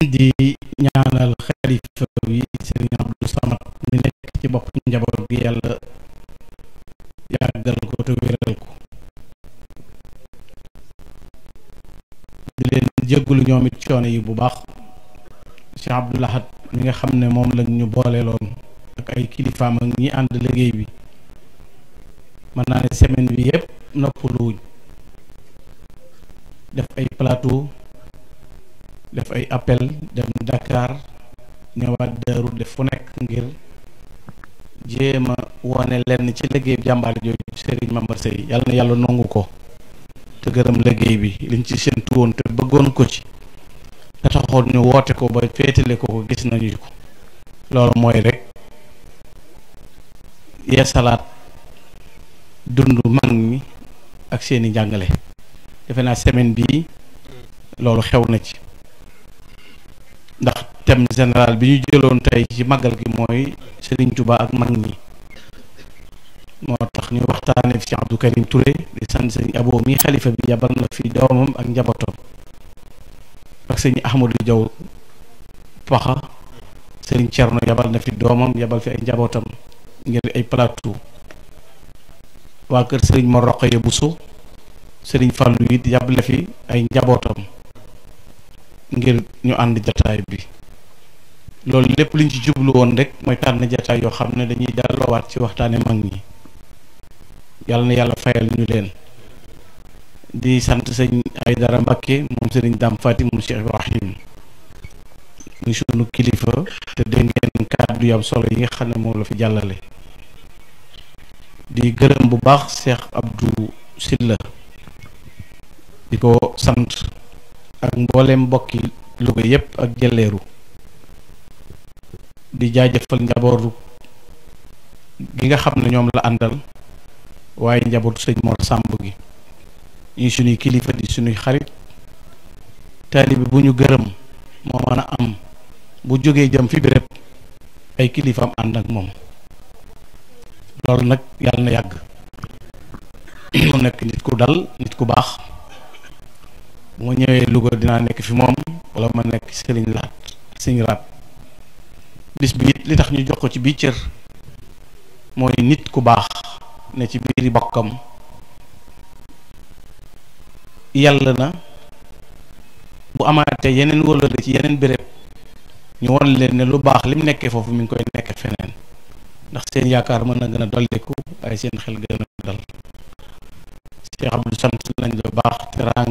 di ñaanal xalifa bi Serigne Abdou Samad mi nekk ci bopp njaboot gi yàlla yàggal ko te wéral ko di leen jéggulu coono yi bu baax Cheikh Abdou mi nga xam ne moom lañ ñu booleeloon ak ay kilifaam ak ñi ànd liggéey bi mën naa ne semaine bi yépp noppaluwuñ def ay plateau def ay appel dem Dakar ñëwaat Daaru def fu nekk ngir jéem a wone lenn ci liggéey jàmbaar jooju Serigne Mamar Sey na yàlla nongu ko te gërëm liggéey bi liñ ci séentu woon te bëggoon ko ci te taxoon ñu woote ko ba féetale ko ko gis nañu ko loolu mooy rek yeesalaat dund mag mi ak seeni njàngale defe naa semaine bii loolu xew na ci thème général bi ñu jëloon tey ci màggal gi mooy Serigne Touba ak mag ñi moo tax ñu waxtaanee fi Abdou Karim Touré di sant sëñ Abo mi xalifa bi yabal na fi doomam ak njabootam ak sëñ Ahmadou Diaw Paxa sëñ Thierno yabal na fi doomam yabal fi ay njabootam ngir ay plateau waa kër sëriñ Mor Roqaya Bousso sëriñ Fallou it yabal fi ay njabootam ngir ñu ànd jataay bi loolu lépp liñ ci jublu woon rek mooy tànn jataay yoo xam ne dañuy delloowaat ci waxtaane mag ñi yàlla na yàlla fayal ñu leen di sant sëñ Aydara Mbàkke moom sëriñ Dam Faati moom Cheikh Ibrahim muy sunu kilifa te dégg ngeen kàddu yam solo yi nga xam ne moom la fi jàllale di gërëm bu baax Cheikh sit la di ko sant ak mbooleem mbokki Louga yépp ak jëleeru di jaajëfal njabootu gi nga xam ne ñoom la àndal waaye njabootu sëñ Mor Samb gi ñuy suñuy kilifa di suñuy xarit taalibi bu ñu gërëm moo mën a am bu jógee jëm fi béréb ay kilifaam ànd ak moom loolu nag yàlla na yàgg mu nekk nit ku dal nit ku baax bu ma ñëwee Louga dinaa nekk fi moom wala ma nekk Sëriñ Laat Sëriñ Laat bis bi it li tax ñu jox ko ci biir cër mooy nit ku baax ne ci biiri bokkam yàlla na bu amaatee yeneen wëlëre ci yeneen béréb ñu won leen ne lu baax lim nekkee foofu mi ngi koy nekkee feneen ndax seen yaakaar mën na gën a dolliku waaye seen xel gën a dal Cheikh Abdou sant nañ la baax teraanga